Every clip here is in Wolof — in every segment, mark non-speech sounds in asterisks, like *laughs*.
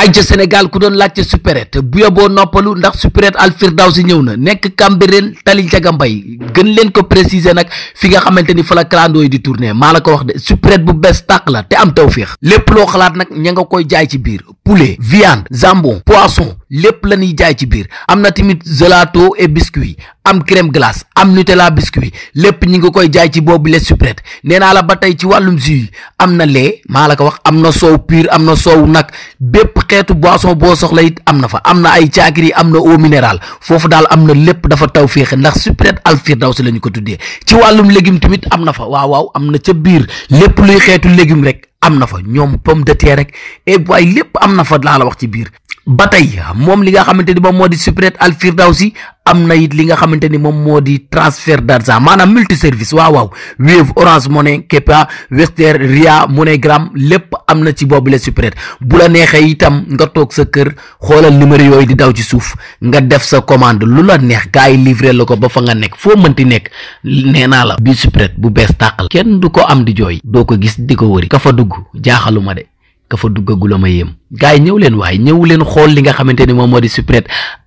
ajja Sénégal ku doon laajte supérette bu yoboo noppalu ndax supérette si ñëw na nekk Cambérène tali Njaga Mbay gën leen ko préciser nag fi nga xamante ni fa la clando yi di tourner maa la ko wax de supérette bu bees tàq la te am tawféex lépp loo xalaat nag ña nga koy jaay ci biir poulet viande jambon poisson lépp la ñuy jaay ci biir am na tamit gelato et biscuit am crème glace am Nutella biscuit lépp ñi nga koy jaay ci boobu les supérette nee naa la ba tey ci wàllum jus yi am na maa la ko wax am na soow pur am na soow nag bépp xeetu boison boo soxla it am na fa am na ay caakiri am na eau minérale foofu daal am na lépp dafa taw féexe ndax supérette alfirdaws la ñu ko tuddee ci wàllum légume tamit am na fa waaw waaw am na ca biir lépp luy xeetu légume rek am na fa ñoom pomme de terre rek et eh, waaye lépp am na fa laa la wax ci biir ba tey moom li nga xamante ni moom moo di supret al firdawsi am na it li nga xamante ni moom moo di transfert d'argent maanaam multi service waaw waaw Wave Orange Money Kepa Western Ria gramme lépp am na ci boobu la supret bu la neexee itam nga toog sa kër xoolal numéro yooyu di daw ci suuf nga def sa commande lu la neex kaay yi la ko ba fa nga nekk foo mënti nekk nee naa la bi supret bu bees tàq kenn du ko am di jooy doo ko gis di ko wëri ka fa dugg jaaxaluma de ka fa duggagul a ma yem gars yi ñëw leen waaye ñëw leen xool li nga xamante ni moom moo di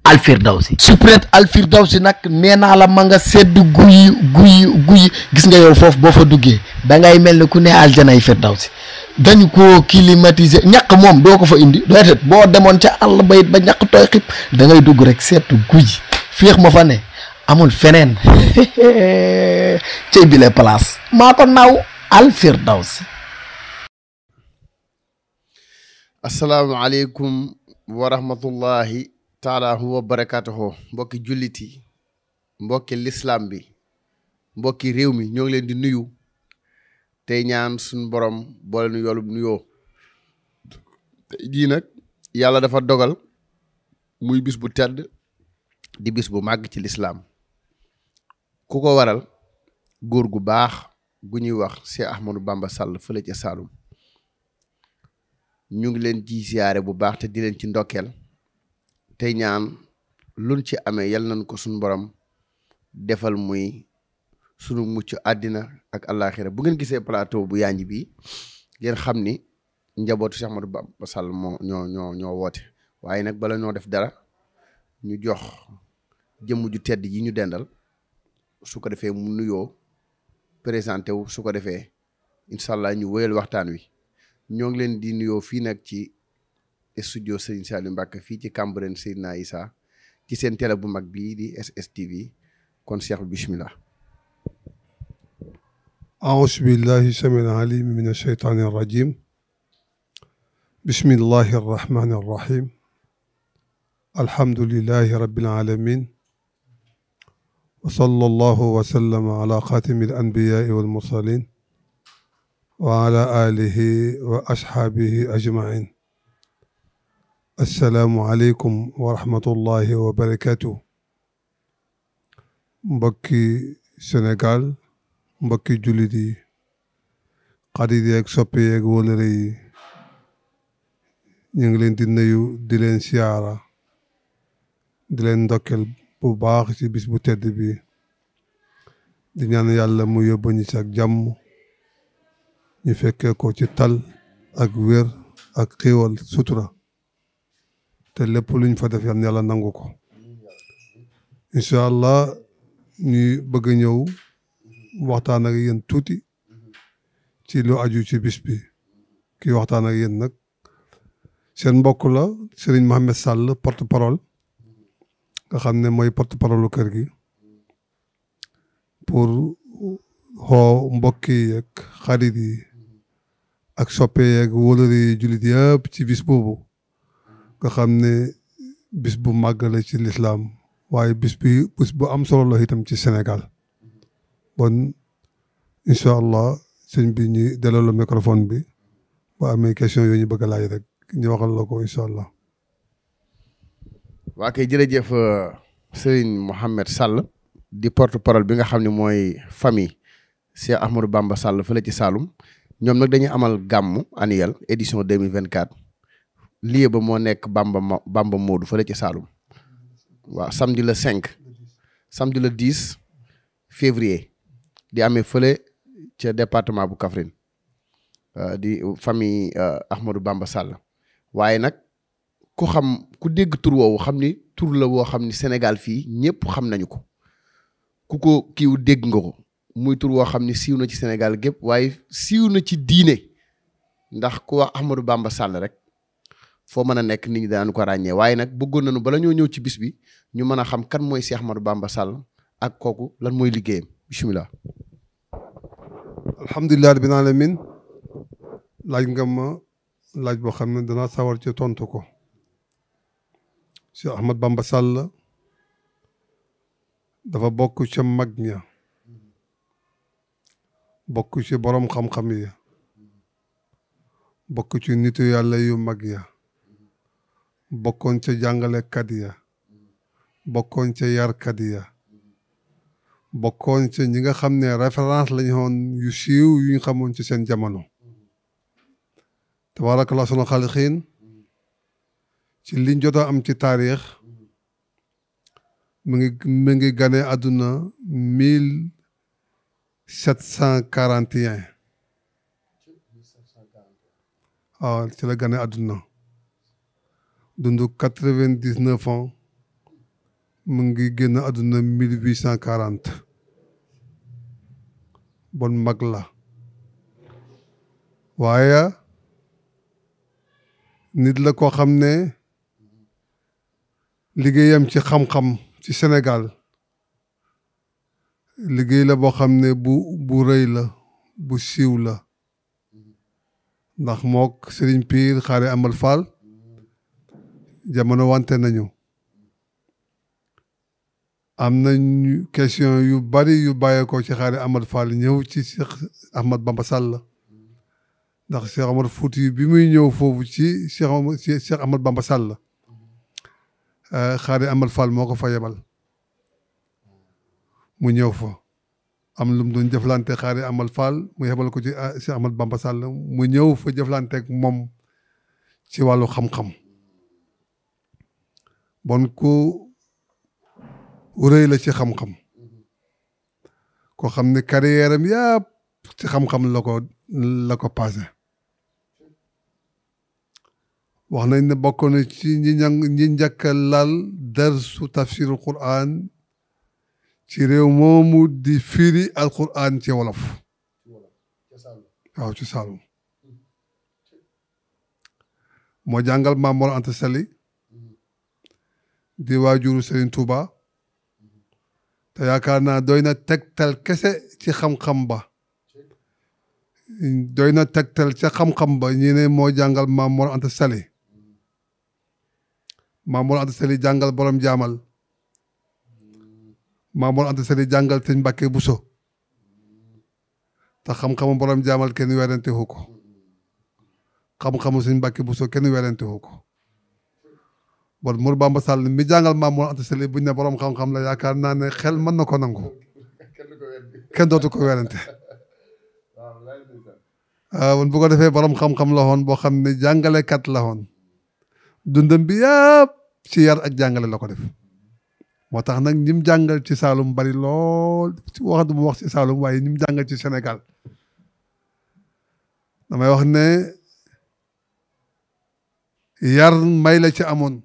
alfir si Suprette alfir daw si nag nee naa la ma nga sedd guyi guyi gis nga yow foofu boo fa duggee da ngay mel ni ku ne aljanay Firdawsi dañu ko climatiser ñaq moom doo ko fa indi doy boo demoon ca àll ba it ba ñàq tooy xib da ngay dugg rek sedd guyi féex ma fa ne amul feneen *laughs* cey bile place maa ko naaw Alfirdawsi. asalaamualeykum wa rahmatullahi taalaahu wa barakaatuhu mbokki jullit yi mbokki lislaam bi mbokki réew mi ñoo leen di nuyu tey ñaan suñu borom boole nu yoolub nuyoo tey nag yàlla dafa dogal muy bis bu tedd di bis bu màgg ci lislaam ku ko waral góor gu baax gu ñuy wax Cheikh Ahmadou Bamba Sall fële ca Saalum ñu ngi leen di siyaare bu baax te di leen ci ndokkeel tey ñaan luñ ci amee yal nañ ko suñu borom defal muy sunu mucc àddina ak àllaaxira bu ngeen gisee plateau bu yaañ bi ngeen xam ni njabootu Cheikh Ahmadou Bamba Sall moo ñoo woote waaye nag bala ñoo def dara ñu jox jëmm ju tedd yi ñu dendal su ko defee mu nuyoo présenté wu su ko defee incha allah ñu wéyal waxtaan wi. ñoo ngi leen di nuyoo fii nag ci studio Serigne Saliou Mbacke fii ci Cambérène Seydina Issa ci seen télé bu mag bii di SSTV kon Cheikh bismillah أعوذ بالله السميع العليم من الشيطان الرجيم بسم الله الرحمن الرحيم الحمد لله رب العالمين وصلى الله وسلم على خاتم الأنبياء والمرسلين wa ala alihi wa ashaabihi ajmain assalaamu aleykum wa rahmatullahi wa barakaatu mbokki Sénégal mbokki jullit yi xarit yeeg soppe yeeg wóllëre yi ñu ngi leen di nuyu di leen siyaara di leen ndokkel bu baax ci bis bu tedd bi di ñaan yàlla mu yóbbu ci ak jàmm ñu fekkee ko ci tal ak wér ak xéewal sutura te lépp luñ fa def yan yàlla nangu ko incha allah ñuy bëgg ñëw waxtaan ak yéen tuuti ci lu aju ci bis bi kii waxtaan ak yéen nag seen mbokk la Serigne Mohamed Sall porte parole nga xam ne mooy porte parole kër gi pour xoo mbokk yi ak xarit ak soppe ak wóolari jullit yëpp ci bis boobu nga xam ne bis bu màgg la ci lislaam waaye bis bi bis bu am sololo la itam ci Sénégal bon incha allah sëñ bi ñu delloo la microphone bi boo amee question yooyu ñu bëgg a laaj rek ñu waxal la ko incha allah. waa kay jërëjëf euh, Serigne Mohamed Sall di porte parole bi nga xam ne mooy famille Cheikh Ahmadou Bamba Sall fële ci Saloum. ñoom nag dañuy amal gàmmu annuel édition 2024 lieu ba moo nekk Bamba Bamba Modou fële ca saalum waaw samedi le 5 samedi le 10 février di amee fële ca département bu kafrin euh, di famille euh, Ahmadou Bamba Sall waaye nag ku xam ku dégg tur woowu xam ni tur la woo xam ni Sénégal fii ñëpp xam nañu ko ku ko kiiw dégg nga ko muy tur woo xam ne siiw na ci senegal gépp waaye siiw na ci diine ndax ku wax Ahmadou Bamba Sall rek foo mën a nekk nit ñi daan ko ràññee waaye nag bëggoon nañu bala ñoo ñëw ci bis bi ñu mën a xam kan mooy si Ahmadou Bamba Sall ak kooku lan mooy liggéeyam bisimilah. alhamdulilah rabbil alamin nga ma laaj boo xam ne danaa sawar ci tontu ko si Ahmad Bamba Sall dafa bokk ca mag ña bokk ci boroom xam-xam yi bokk ci nitu yàlla yu mag ya bokkoon ca jàngalekat ya bokkoon ca yarkat ya bokkoon ci ñi nga xam ne référence lañu xoon yu siiw yu xamoon ci seen jamono tabarakallah sunu xaalixiin ci liñ jot am ci taarix mu ngi mi ngi gane àdduna mil 741 waaw ah, ci la gane àdduna dund quatre-vingt-dix-neuf ans mu ngi génn àdduna mille huit cent quarante bon mag la waaye nit la koo xam ne liggéeyam ci xam-xam ci senegal liggéey la boo xam ne bu bu rëy la bu siiw la ndax mook Serigne Pire xaare amal Fall jamono wante nañu am nañu question yu bari yu bàyyeekoo ci xaare amal Fall ñëw ci Cheikh Ahmad Bamba la ndax Cheikh Omar Fouti bi muy ñëw foofu ci Cheikh Cheikh Ahmad Bamba Sall eh, xaare amal Fall moo ko fa yebal mu ñëw fa am lu mu doon jëflante xaari amal faal mu yebal ko ci Cheikh ah, Ahmad Bamba Sall mu ñëw fa jëflanteeg moom ci wàllu xam-xam bon ko rëy la ci xam-xam koo xam ne carrière am ci xam-xam la ko la ko passé wax nañ ne bokkoon na ci ñi ñang ñi njëkk a laal darsu tafsirul Qur'an ci réew moomu di firi alquran ci wolof waaw ci Saalum moo jàngal Maam Mor Anta Sali di waajuru Serigne Touba te yaakaar naa doy na tegtal kese ci xam-xam ba doy na tegtal ca xam-xam ba ñi moo jàngal Maam Mor Anta Sali Maam Mor Anta Sali jàngal borom jaamal Maam Mor Anta Sali jàngal sëñ Mbàkke Buso te xam-xamu borom jaamal kenn werantewu ko xam-xamu sëñ Mbàkke Buso kenn werantewu ko bon Mor Bamba Sall mi jàngal Maam Mor Anta Sali buñ ne borom xam-xam la yaakaar naa ne xel mën na ko nangu kenn dootu ko werante won ah, bu ko defee borom xam-xam la woon boo xam ne jàngalekat la woon dundam bi yëpp ci yar ak jàngale la ko def moo tax nag ñi mu jàngal ci Saalum bari lool waxatu ma wax ci Saalum waaye ñi mu jàngal ci Sénégal damay wax ne yar may la ci amoon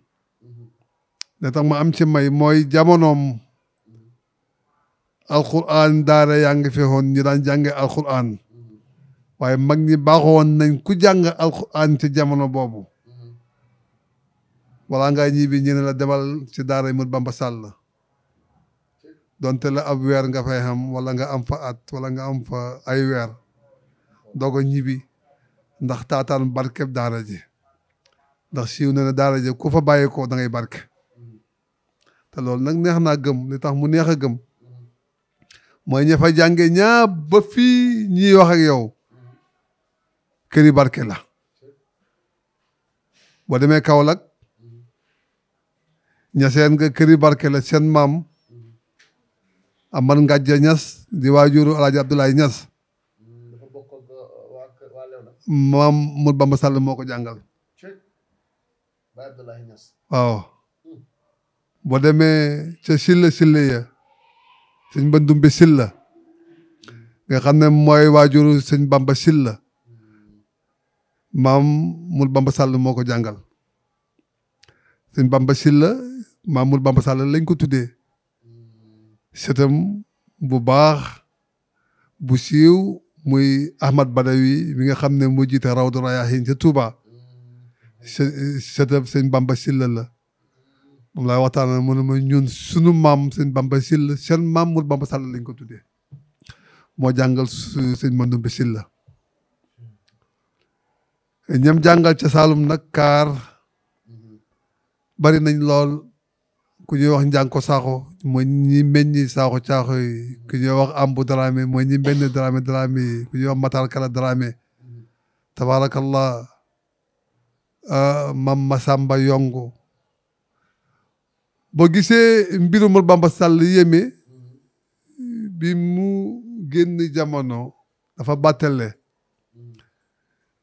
da tax ma am ci may mooy jamonoom alquran daara yaa ngi fi woon ñi daan jànge alquran waaye mag ñi baaxoon nañ ku jàng alquran ci jamono boobu wala ngaa ñibbi ñu ne la demal ci daara Ahmadu Bamba Sall donte la ab weer nga fay xam walla nga am fa at wala nga am fa ay weer doog a ñibbi ndax taataan barkeb daara ji ndax siw na ne daara ji ko fa bàyyeekoo da ngay barke te loolu nag neex naa gëm li tax mu neex a gëm mooy ña fa jànge ñaa ba fii ñiy wax ak yow këri barke la boo demee Kaolack ñaseen nga këri barke la seen maam Amar Ngàjje Ñas di waajuru Alaaji Abdoulaye Ñas maam mu Bamba Sall moo ko jàngal waaw boo demee ca silla silla ya sëñ Bandumbe Silla nga xam ne mooy waajur sëñ Bamba Silla maam mu Bamba Sall moo ko jàngal sëñ Bamba Silla Mamour Bamba Sall lañ ko tuddee setam bu baax bu siiw muy Ahmad Badawi mi nga xam ne moo jiite Rawdu Rayaahin ca Touba setam sëñ Bamba Silla la moom laay waxtaan mu ne ma ñun sunu maam sëñ Bamba Silla seen Mamour Bamba Sall lañ ko tuddee moo jàngal sëñ Mandumbe Silla ñam jàngal ca Saalum nag kaar bari nañ lool ku ñuy wax njànko saako mooy ñi meññi saako caaxo yi ku ñuy wax ambu daraame mooy ñi benn daraame daraame yi ku ñuy wax matar daraame tabaarakallah ah, mam masamba yongu boo gisee mbiru Mor Bamba Sall yéeme bi mu génn jamono dafa bàttale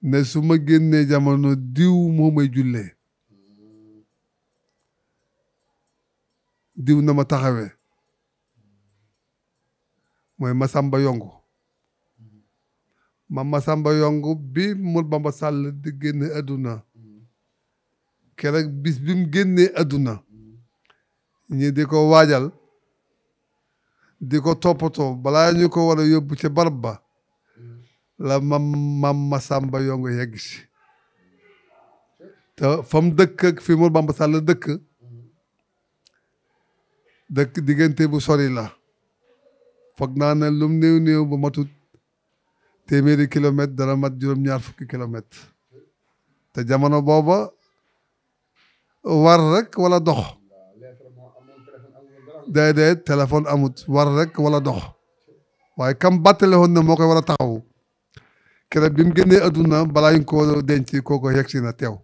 ne su ma génnee jamono diw moo may jullee diw na ma taxawe mooy Masamba Yongu ma Masamba Yongu bi Mor Bamba Sall di génne àdduna keroog bis bi mu génnee àdduna ñi di ko waajal di ko toppatoo balaa ñu ko war a yóbbu ca barab ba la mam mam Masamba Yongu yegg si te fa mu dëkk ak fi Mor Bamba Sall dëkk dëkk diggante bu sori la foog naa ne lum néew néew ba matut téeméeri kilomètre dana mat juróom-ñaar fukki kilomètre te jamono booba war rek wala dox déedéet téléphone amut war rekk wala dox waaye kam bàttale woon na moo koy war a taxaw keroog bi mu génnee adduna balaa ñu ko denc kooko yegsi na teew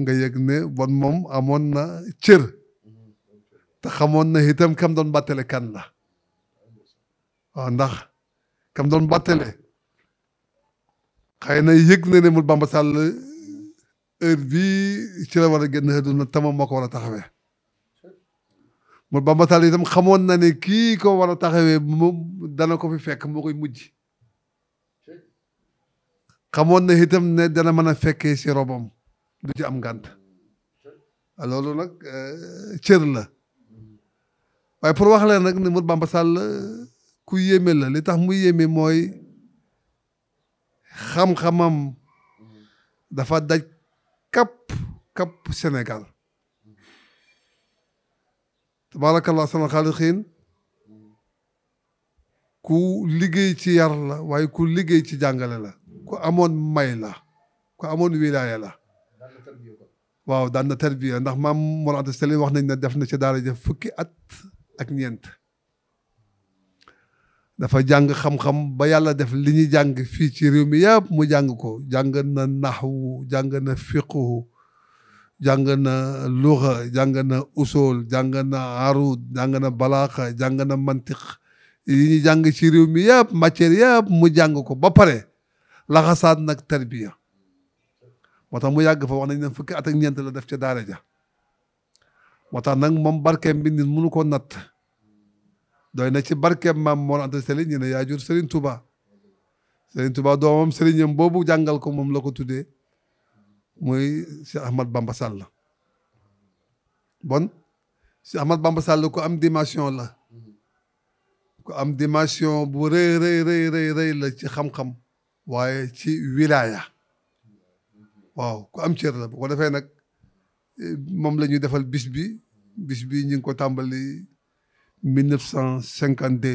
nga yëg bon moom amoon na cër te xamoon na itam kam doon bàttale kan la waaw ndax kam doon bàttale xëy na yég na ne mu Bamba Sall heure bii ci la war a génn àdduna tamam moo ko war a taxawe mu Bamba Sall itam xamoon na ne kii ko war a taxawee moom dana ko fi fekk moo koy mujj xamoon na itam ne dana mën a fekkee si robam du ci am ngànt loolu nag cër la waaye pour wax leen rek ne Modou Bamba Sall ku yéeme la li tax mu yéeme mooy xam-xamam dafa daj kap kap Sénégal tabaarakallah sana xaalixiin ku liggéey ci yar la waaye ku liggéey ci jàngale la ku amoon may la ku amoon wilaaya la waaw daan na tarbiya ndax maam Mor Anta Sali wax nañ ne def na ci daara ja fukki at ak ñeent dafa jàng xam-xam ba yàlla def li ñuy jàng fii ci réew mi yëpp mu jàng ko jàng na naxwu jàng na fiqhu jàng na luxa jàng na usul jàng na arud jàng na balaaxa jàng na mantiq yi ñuy jàng ci réew mi yëpp matière yëpp mu jàng ko ba pare laxasaat nag tarbiya moo tax mu yàgg fa wax nañ ne fukki at ak ñeent la def ca daara ja moo tax nag moom barkeem bi nit mënu koo natt doy na ci barkeem maam Mor Anta Sali ñu ne yaa jur Serigne Touba Serigne Touba doomam Serigne boobu jàngal ko moom la ko tuddee muy Cheikh Ahmad bambasal la bon Cheikh Ahmad Bamba Sall ku am dimension la ku am dimension bu rëy rëy rëy rëy la ci xam-xam waaye ci wilaya waaw ku am cër la bu ko defee nag moom la ñu defal bis bi bis bi ñu ngi ko tàmbali mille neuf cent cinquante de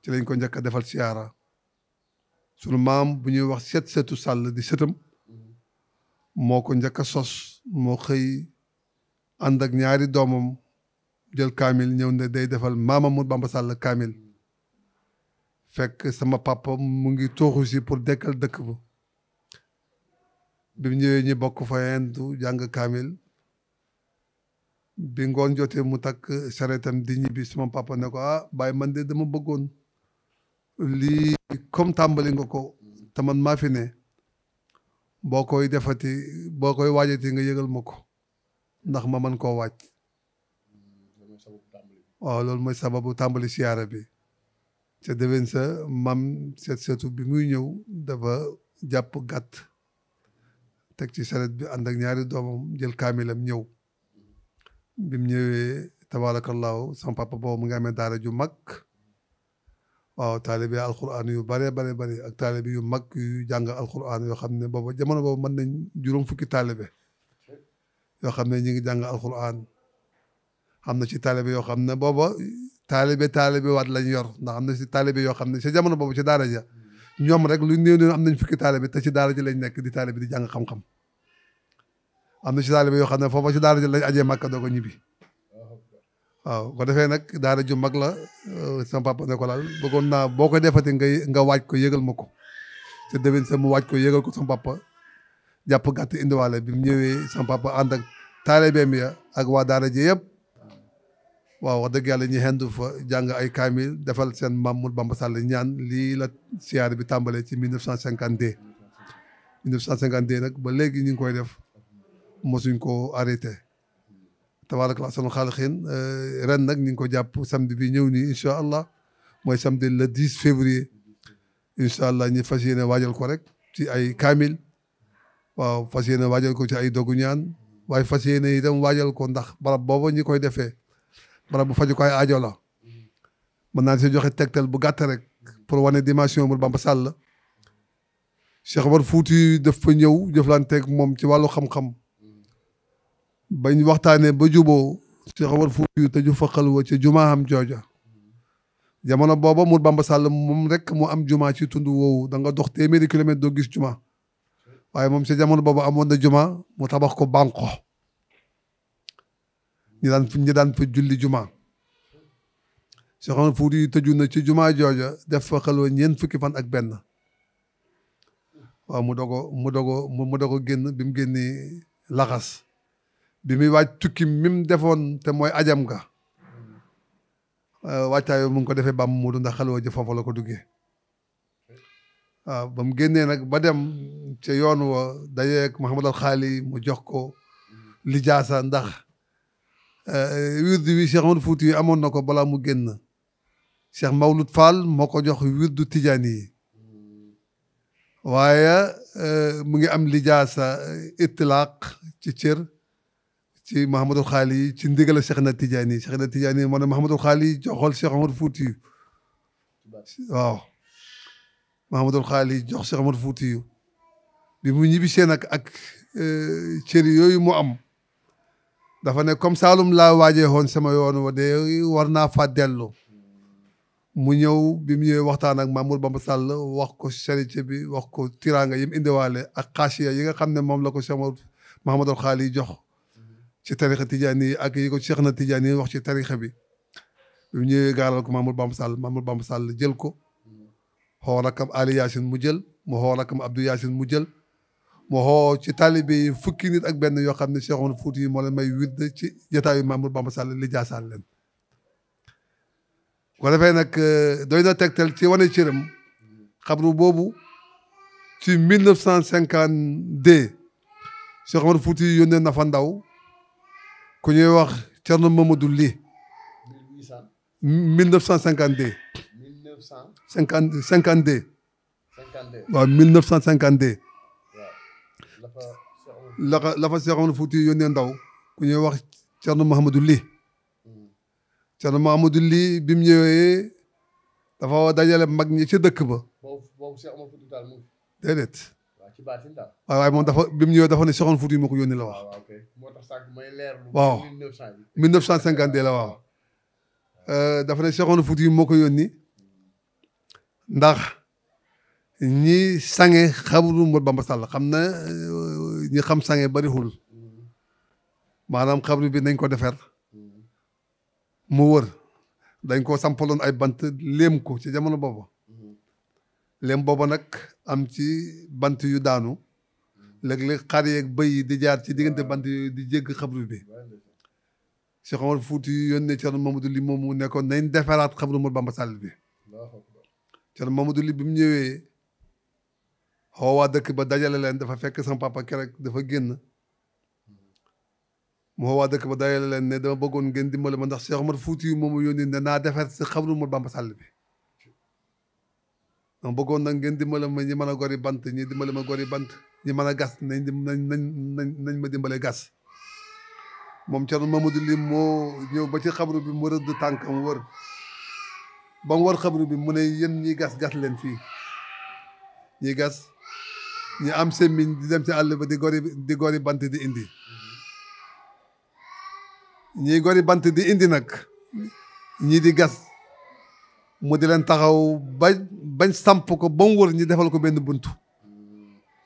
ci lañ ko njëkk a defal siyaara sunu maam bu ñuy wax seet seetu sàll di sëtam moo ko njëkk a sos moo xëy ànd ak ñaari doomam jël kaamil ñëw ne day defal maam Amadou Bamba Sall kaamil fekk sama papa mu ngi tooxu si pour dekkal dëkk ba bi mu ñëwee ñu bokk fayendu jàng kaamil bi ngoon jotee mu takk sareetam di ñibbi suma papa ne ko ah man de dama bëggoon lii comme tàmbali nga ko te man maa fi ne boo koy defati boo koy waajati nga yëgal ma ko ndax ma man koo waaj waaw loolu mooy sababu tàmbali siyaara bi ca déwén sa mam seet seetu bi muy ñëw dafa jàpp gàtt teg ci salet bi ànd ak ñaari doomam jël kaamilam ñëw bi mu ñëwee tabaarakallaahu sama papa boobu mu ngi amee daara ju mag waaw taalibe alquran yu bare bare bare ak taalibe yu mag yu jàng alquran yoo xam ne boobu jamono boobu mën nañ juróom fukki taalibe yoo xam ne ñu ngi jàng alquran am na ci taalibe yoo xam ne booba taalibe taalibe waat lañ yor ndax am na si taalibe yoo xam ne si jamono boobu ci daara ja ñoom rek lu néew néew am nañ fukki taalibe te ci daara ji lañ nekk di taalibe di jàng xam-xam am na ci taalibe yoo xam ne foofa ci daara ji lañ ajee màkka doo ko ñibbi waaw ko defee nag daara ju mag la euh, sama papa ne ko laal bëggoon naa boo ko defati nga nga waaj ko yëgal ma ko te déwén sa mu waaj ko yëgal ko sama papa jàpp gàtt indiwaale bi mu ñëwee sama papa ànd ak taalibeem ya ak waa daara ji yëpp waaw wax dëgg yàlla ñu xendu fa jàng ay kaamil defal seen Mamour Bamba Sall ñaan lii la siyaare bi tàmbalee ci 1952 1952 nag ba léegi ñu ngi koy def mosuñ ko arrêté tabaaraka laa sunu xaaliqiin euh, ren nag ñu ngi ko jàpp samedi bi ñëw nii incha allah mooy samedi le 10 février incha allah ñu fas yéene waajal ko rek ci ay kaamil waaw fas yéene waajal ko ci ay dog ñaan waaye fas yéene itam waajal ko ndax barab booba ñi koy defee barab bu fajukaay aajo la mën naa si joxe tegtel bu gàtt rek pour wane dimension Mourou Bamba Sall Cheikh Omar fuuti def fa ñëw jëflanteeg moom ci wàllu xam-xam bañ waxtaanee ba juboo Cheikh Omar Fouti te ju fa xalwa ca jumaa am jooja jamono booba Mourou Bamba sàll moom rek mu am jumaa ci tund woowu da nga dox téeméeri kilomètre doo gis jumaa waaye moom ca jamono booba amoon na jumaa mu tabax ko bànko ñi daan ñi daan fa julli jumaa Cheikh Omar Fuuti tëju na ci jumaa jooja def fa xalwa ñeent fukki fan ak benn waaw mu dogo mu dogo génn bi mu génnee laxas bi muy wàcc tukki mim defoon te mooy ajam ga wàccaayo mu ngi ko defee bàmm mu ndax xalwa ji foofu la ko duggee waaw ba génnee nag ba dem ca yoon wa dayeeg Mahamadal Xaali mu jox ko lijaasa ndax Euh, wirdu wi Cheikh Amadou Fouti amoon na ko balaa mu génn Cheikh Mawlud Fall moo ko jox wirdu tijaani yi waaye euh, mu ngi am lijaasa euh, itlaaq ci cër ci ma Mahamadul Xaali yi ci ndigal Cheikh na Tijaani yi Cheikh na Tijaani yi moo ne Mahamadul Xaali yi joxol Cheikh Amadou yu yi jox Cheikh mu ñibbisee nag ak cër yooyu mu am dafa ne comme Saalum laa waajee woon sama yoon wa de war naa fa dellu mu ñëw bi mu ñëwee waxtaan ak Mamour Bamba Sall wax ko charité bi wax ko tiraanga yi indiwaale ak xaasiya yi nga xam ne moom la ko sama Mahamadou Xaali jox ci tarixa Tijaani yi ak yi ko Cheikh na Tijaani yi wax ci tarixa bi bi mu ñëwee gaaral ko Mamour Bamba Sall Mamour Bamba Sall jël ko xoo rakkam Ali Yacine mu jël mu xoo rakkam Abdou Yacine mu jël mu ci taalibe yi fukki nit ak benn yoo xam ne Cheikh Omar Fouti yi moo may wird ci jotaayu Mamour Bamba Sall li jaasaan leen ko defee nag euh, doy na tegtal ci wane cëram xabru boobu ci mille neuf cent cinquante deux Cheikh Omar Fouti yi yónnee na fa ndaw ku ñuy wax Thierno Mamadou Ly mille neuf cent cinquante deux cinquante cinquante deux waaw mille neuf cent cinquante deux la la fa seexoon fuuti yónnee ndaw ku ñuy wax Cerno Mahamadou Ly Cerno Mahamadou Ly bi mu ñëwee dafa dajale mag ñi ci dëkk ba déedéet waaw waaye moom dafa bi mu ñëwee dafa ne seexoon fuuti yi moo ko yónnee la wax waaw mille neuf cent cinquante la waaw euh, dafa ne seexoon fuuti yi moo ko yónni ndax ñi sange xamuñu Modou Bamba Sall xam na ñi xam sange bariwul maanaam xabru bi nañ ko defar mu wër dañ ko sampaloon ay bant léem ko ci jamono booba léem booba nag am ci bant yu daanu léeg-léeg xar yeeg bëy di jaar ci diggante bant yooyu di jégg xabru bi si xamal fuuti yu yónnee Thierno Mamadou Ly moomu nekkoon nañ defaraat xabru Modou Bamba Sall bi Thierno Mamadou Ly bi mu ñëwee xoo waa dëkk ba dajale leen dafa fekk sama papa keroog dafa génn mu xoo waa dëkk ba dajale leen ne dama bëggoon ngeen dimbale ma ndax Cheikh Omar Fouti yu moomu yónni ne naa defar si xabru Mor Bamba Sall bi dama bëggoon nag ngeen dimbale ma ñi mën gori bant ñi dimbale ma gori bant ñi mën a gas nañ nañ nañ nañ ma dimbale gas moom Thierno Mamadou Lim moo ñëw ba ci xabru bi mu rëdd tànkam wër ba mu war xabru bi mu ne yéen ñi gas gas leen fii ñi gas ñu am semmiñ di dem ci àll ba di gori di gori bant di indi ñi gori bant di indi nag ñii di gas mu di leen taxaw bañ bañ samp ko ba mu wër ñi defal ko benn bunt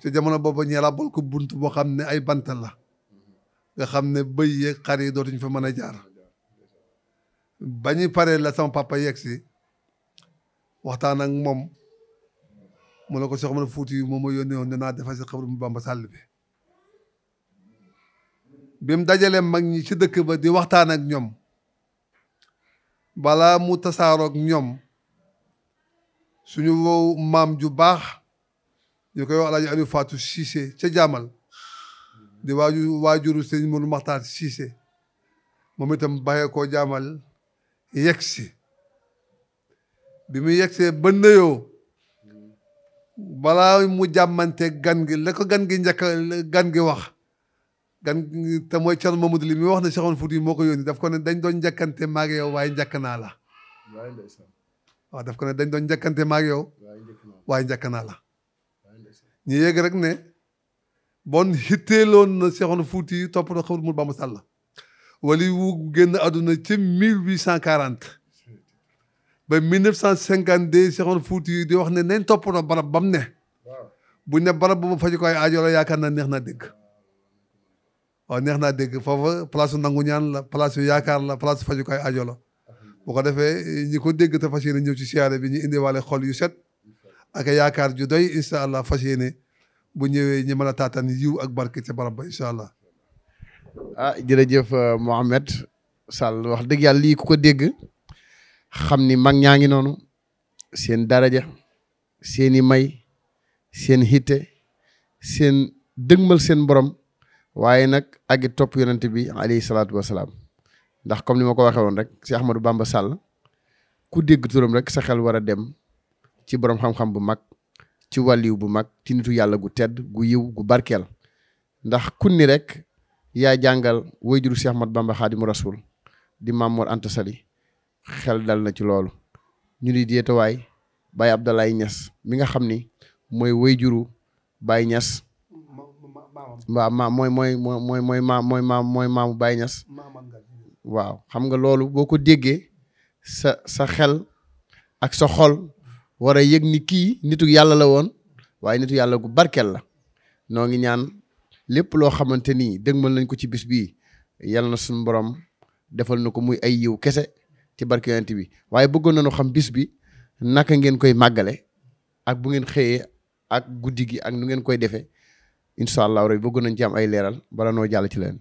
ci jamono boobu ñu ràbbal ko bunt boo xam ne ay bant la nga xam ne bëy yeeg xar yi dootuñ fa mën a jaar ba ñu paree la sama papa yegg si waxtaan ak moom mu ne ko Cheikh Omar Fouti moom moo yónnee woon ne naa defal si xabru mu Bamba Sall bi bi mu dajalee mag ñi ci dëkk ba di waxtaan ak ñoom balaa mu tasaarook ñoom suñu wow maam ju baax ñu koy wax Alaaji Aliou Fatou Cissé ca jaamal di waaju waajuru sëñ Mourou Maxtaar Cissé moom itam bàyyee koo jaamal yegsi bi mu yegsee ba nëyoo balaa mu jàmmante gan gi la gan gi njëkk gan gi wax gan te mooy Thierno Mamadou li mi wax ne Cheikh Oumar Foutiyou moo ko yónni daf ko ne dañ doon njëkkante maag yow waaye njëkk naa la waaw ko ne dañ njëkkante maag waaye njëkk naa yéeg rek ne bon xitteeloon na Cheikh Oumar Foutiyou topp na xamul mul Bamba Sall wali wu génn àdduna ci mille huit cent quarante ba 1952 Cheikh Omar Fouti di wax ne nañ toppatoo barab ba ne. bu ne barab bu ma faj ko yaakaar naa neex naa dégg. Ah. waaw neex naa dégg foofa place nangu ñaan la place yaakaar la place faju ko ay aajo ko defee ñi ko dégg te fas yéene ñëw ci siyaare bi ñu indiwaale xol yu set. ak yaakaar ju doy incha allah fas yéene bu ñëwee ñi mën a taataan yiw ak barke ca barab ba incha allah. ah jërëjëf Mohamed Sall wax dëgg yàlla lii ku ko dégg. xam ni mag ñaa ngi noonu seen daraja seeni may seen hitte seen dëgmal seen borom waaye nag agi topp yonent bi alayhi salaatu ndax comme ni ma ko waxee woon rek si Ahmadou Bamba sàll ku dégg turam rek sa xel war a dem ci borom xam-xam bu mag ci wàlliw bu mag ci nitu yàlla gu tedd gu yiw gu barkeel ndax kunni rek yaa jàngal wayjuru si Ahmad Bamba Xaadimu Rasul di Maam Mor Anta Sali xel dal na ci loolu ñu di jeetawaay Baye Abdoulaye ñas mi nga xam ni mooy wayjuru Baye Niass waaw maam mooy mooy mooy maamu Baye Niass xam nga loolu boo ko déggee sa sa xel ak sa xol war a yëg ni kii nitu yàlla la woon waaye nitu yàlla gu barkeel la noo ngi ñaan lépp loo xamante ni dëgmal nañ ko ci bis bii yàlla na suñu borom defal na ko muy ay yiw kese ci barke bi waaye bëggoon nañu xam bis bi naka ngeen koy màggale ak bu ngeen xëyee ak guddi gi ak nu ngeen koy defee incha allah bëggoon nañ ci am ay leeral bala noo jàll ci leen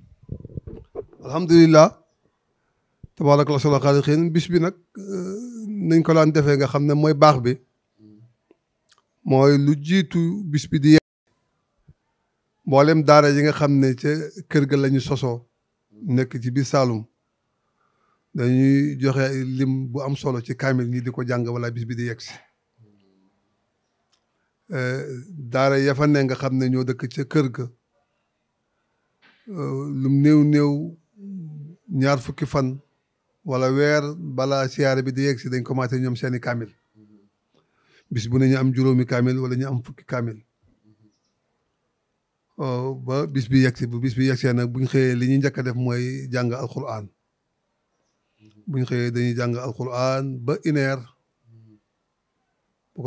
alhamdulilah tabaaraka la xaaliqiin bis bi nag euh, nañ ko daan defee nga xam ne mooy baax bi mooy lu jiitu bis bi di mboolem daara yi nga xam ne ca kër ga la sosoo nekk ci biir Saalum dañuy joxe lim bu am solo ci kaamil ñi di ko jàng wala bis bi di yegg si hmm. eh, daara ya ne nga xam ne ñoo dëkk ca kër ga eh, lum néew néew ñaar fukki fan walla weer balaa siyaare bi di yegg si dañ commencé ñoom seeni kaamil hmm. bis bu ne ñu am juróomi kaamil wala ñu am fukki kaamil hmm. oh, ba bis bi yegg si bu bis bi yegg see nag bu ñu xëyee li ñuy njëkk a def mooy jàng alquran bu ñu xëyee dañuy jàng alquran ba une heure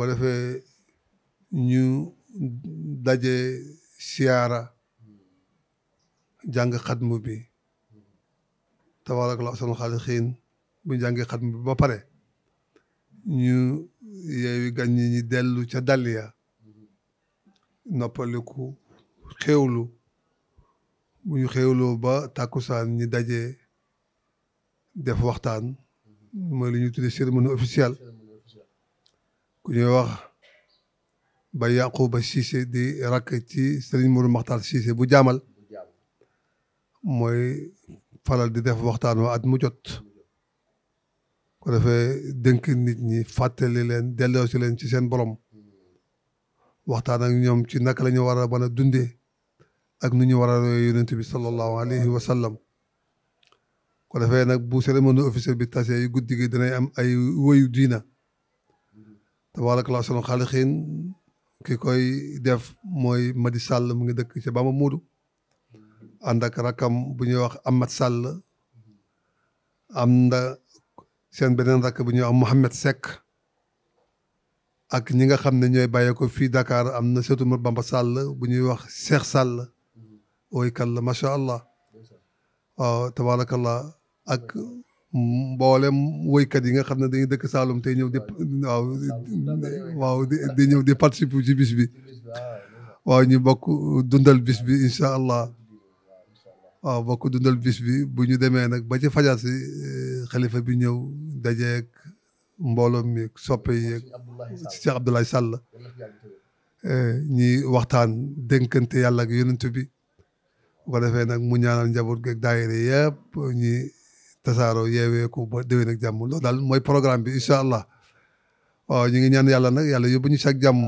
defee ñu daje siyaara jàng xatmu bi tabaaraka llaahu ahsanul xaaliqiin bu ñu jàngee xatmu bi ba pare ñu yeewi gan ñi ñi dellu ca dalya noppaliku xéewlu bu ñu xéewloo ba tàkkusaan ñi daje def waxtaan mooy li ñuy tuddee cérémonie officielle ku ñuy wax ba Yaquba Cissé di rakk ci Serigne Modou Makhtar siise bu jaamal mooy faral di def waxtaan wa at mu jot ko defee dënk nit ñi fàttali leen delloo si leen ci seen borom waxtaan ak ñoom ci naka la ñu war a mën a dundee ak nu ñu war a royee yonent bi sallallahu alayhi wa sallam ko defee nag bu cérémonie officielle bi tase yu guddi gi danay am ay woyu diina tabaarakallaahu sunu xaalixiin ki koy def mooy Madi Sall mu ngi dëkk ca Bamba Moodu ànd ak rakkam bu ñuy wax Amat Sall am na seen beneen rakk bu ñuy wax Mouhamed Seck ak ñi nga xam ne ñooy bàyyee ko fii Dakar am na sëtu Mat Bamba Sall bu ñuy wax Cheikh Sall ooy kàlla macha allah waaw tabaarakallah ak mboolem woykat yi nga xam ne dañuy dëkk Saalum tey ñëw di waaw waaw di ñëw di participer ci bis bi waaw ñu bokk dundal bis bi incha allah waaw bokk dundal bis bi bu ñu demee nag ba ci fajar si eh, xalifa bi ñëw dajeeg mbooloo mi soppe yeeg Cheikh Abdoulaye Sall eh, ñi waxtaan dénkante yàlla ak yonent bi bu ko defee ñi tasaaroo yeeweeku ba déwén ak jàmm loolu daal mooy programme bi incha allah waaw ñu ngi ñaan yàlla nag yàlla yóbbu ñu sag jàmm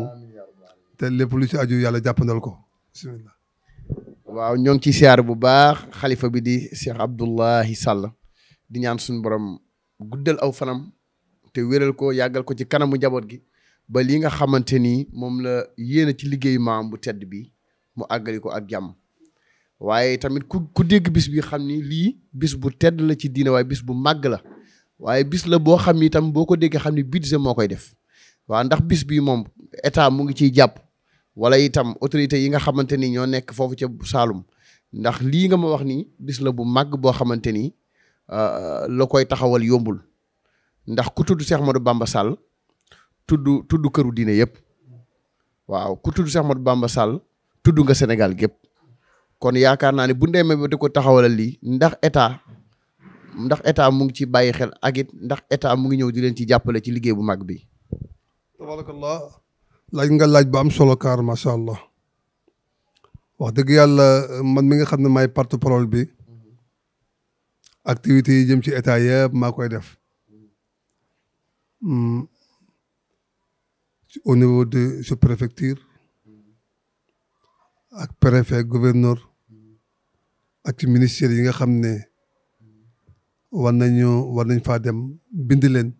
te lépp lu ci aju yàlla jàppandal ko bisimilah. waaw ñoo ngi ciy siyaar bu baax xalifa bi di Cheikh Abdoulahi Sall di ñaan suñu borom guddal aw fanam te wéral ko yàggal ko ci kanamu jaboot gi ba li nga xamante ni moom la yéene ci liggéeyu maam bu tedd bi mu àggali ko ak jàmm. waaye tamit ku ku dégg bis bi xam ni lii bis bu tedd la ci diine waaye bis bu màgg la waaye bis la boo xam ni itam boo ko déggee xam ni budget moo koy def waa ndax bis bi moom état mu ngi ciy jàpp wala itam autorités yi nga xamante ni ñoo nekk foofu ca Saalum ndax lii nga ma wax nii bis la bu màgg boo xamante ni euh, la koy taxawal yombul ndax ku tudd Cheikh Modou Bamba Sall tudd tudd këru diine yëpp waaw ku tudd Cheikh Modou Bamba Sall nga Sénégal gépp kon yaakaar naa ne bu demee ba di ko taxawalal lii ndax état ndax état mu ngi ci bàyyi xel ak it ndax état mu ngi ñëw di leen ci jàppale ci liggéey bu mag bi. tabarakallah laaj nga laaj ba am solo kaar macha allah wax dëgg yàlla man mi nga xam ne maay parte parole bi activités yi jëm ci état yëpp maa koy def. Hmm. au niveau de sous-préfecture ak préfet gouverneur ak ci ministère yi nga xam ne war nañoo war nañ faa dem bind leen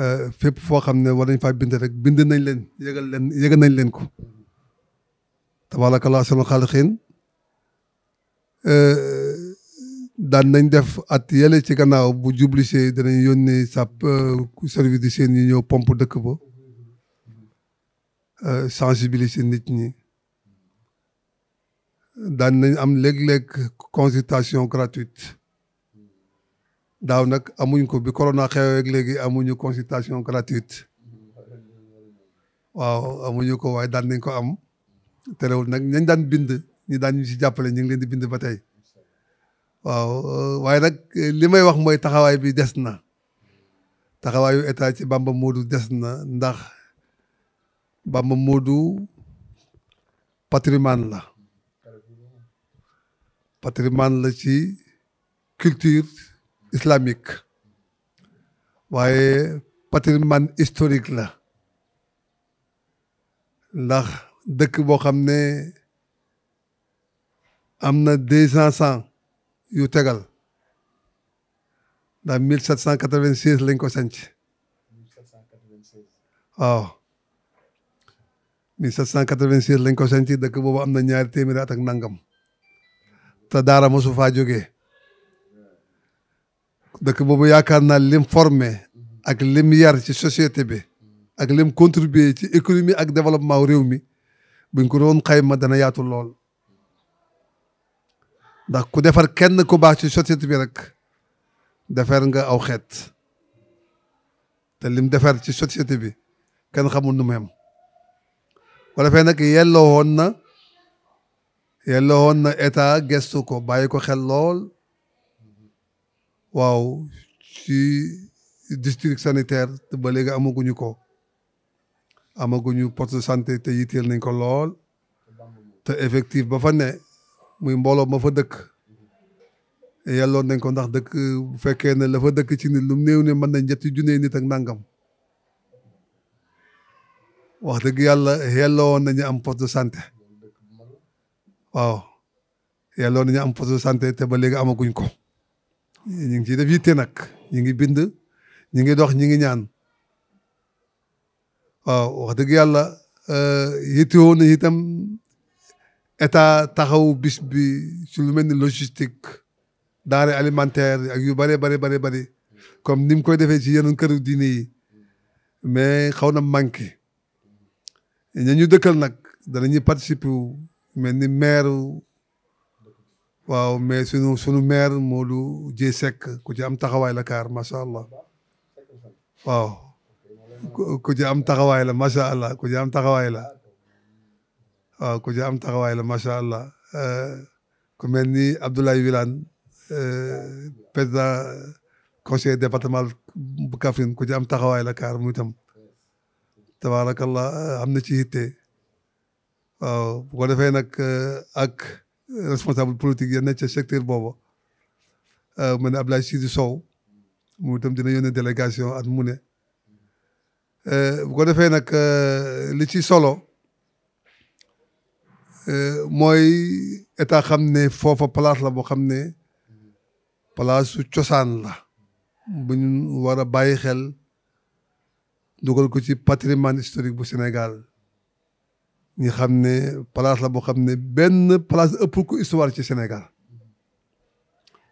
euh, fépp foo xam ne war nañ faa bind rek bind nañ leen yëgal leen yëgal nañ leen ko tabaarakallaa sunu xaalixiin euh, daan nañ def at yële ci gannaaw bu jublisee danañ yónnee sap euh, service d'hygiène yi ñëw pompe dëkk ba sensibiliser nit ñi daan nañ am léeg-léeg consultation gratuite daaw nag amuñ ko bi corona xewee léegi amuñu consultation gratuite waaw amuñu ko waaye daan nañ ko am terewul nag ñañ daan bind ñi daan ñu si jàppale ñu ngi leen di bind ba tey waaw euh, waaye nag eh, li may wax mooy taxawaay bi des na taxawaayu état ci Bamba Modou des na ndax Bamba Modou patrimoine la patrimoine la ci culture islamique waaye patrimoine historique la ndax dëkk boo xam ne am na deux cents yu tegal ndax mille sept cent quatre-vingt-seize lañ ko sanc waaw mille sept cent quatre-vingt-seize lañ ko sanc dëkk boobu am na ñaari téeméeri at ak nangam te daara mosu faa jógee dëkk boobu yaakaar naa lim formé ak lim yar ci société bi ak lim contribuer ci économie ak développement réew mi buñ ko doon xayma dana yaatu lool ndax ku defar kenn ku baax ci société bi rek defar nga aw xeet te lim defar ci société bi kenn xamul nu mu wala fee nag yelloo woon na yàlla woon na état gestu ko bàyyi ko xel lool waaw ci district sanitaire te ba léegi amaguñu ko amaguñu poste de santé te yitteel nañ ko lool te effectif ba fa ne muy mbooloo ma fa dëkk yelloon nañ ko ndax dëkk bu fekkee ne la fa dëkk ci nit lu néew ne mën nañ ñetti junne nit ak nangam wax dëgg yàlla yelloo woon nañu am poste de santé waaw yàlla nañu am poste de santé te ba léegi amaguñ ko ñu ngi ci def yitte nag ñu ngi bind ñu ngi dox ñu ngi ñaan waaw wax dëgg yàlla euh, yittewoo na itam état taxaw bis bi ci lu mel ni logistique denrée alimentaire ak yu bare bare bare bari comme ni mu koy defee ci yeneen kër diine yi mais xaw na manqué ña ñu dëkkal nag danañuy participer mel ni maire waaw mais sunu sunu maire Modou Dieng Seck ku ci am taxawaay la kaar macha allah waaw ku ci am taxawaay la macha allah ku ci am taxawaay la waaw ku ci am taxawaay la macha allah eh, ku mel ni Abdoulaye Wilane eh, président conseil départemental bu Kaffrine ku ci am taxawaay la kaar muy tam tabaarakallah eh, am na ci yitte waaw bu ko defee nag eh, ak eh, responsable politique ya nekk ca secteur boobu eh, mu ne Abdoulaye Sidi Sow mu itam dina yónnee délégation at mu ne bu ko defee nag li ci solo mooy état xam ne foofa place la boo xam ne place su cosaan la bu war a bàyyi xel dugal ko ci patrimoine historique bu Sénégal ñu xam ne place la boo xam ne benn place ëpp ko ci senegal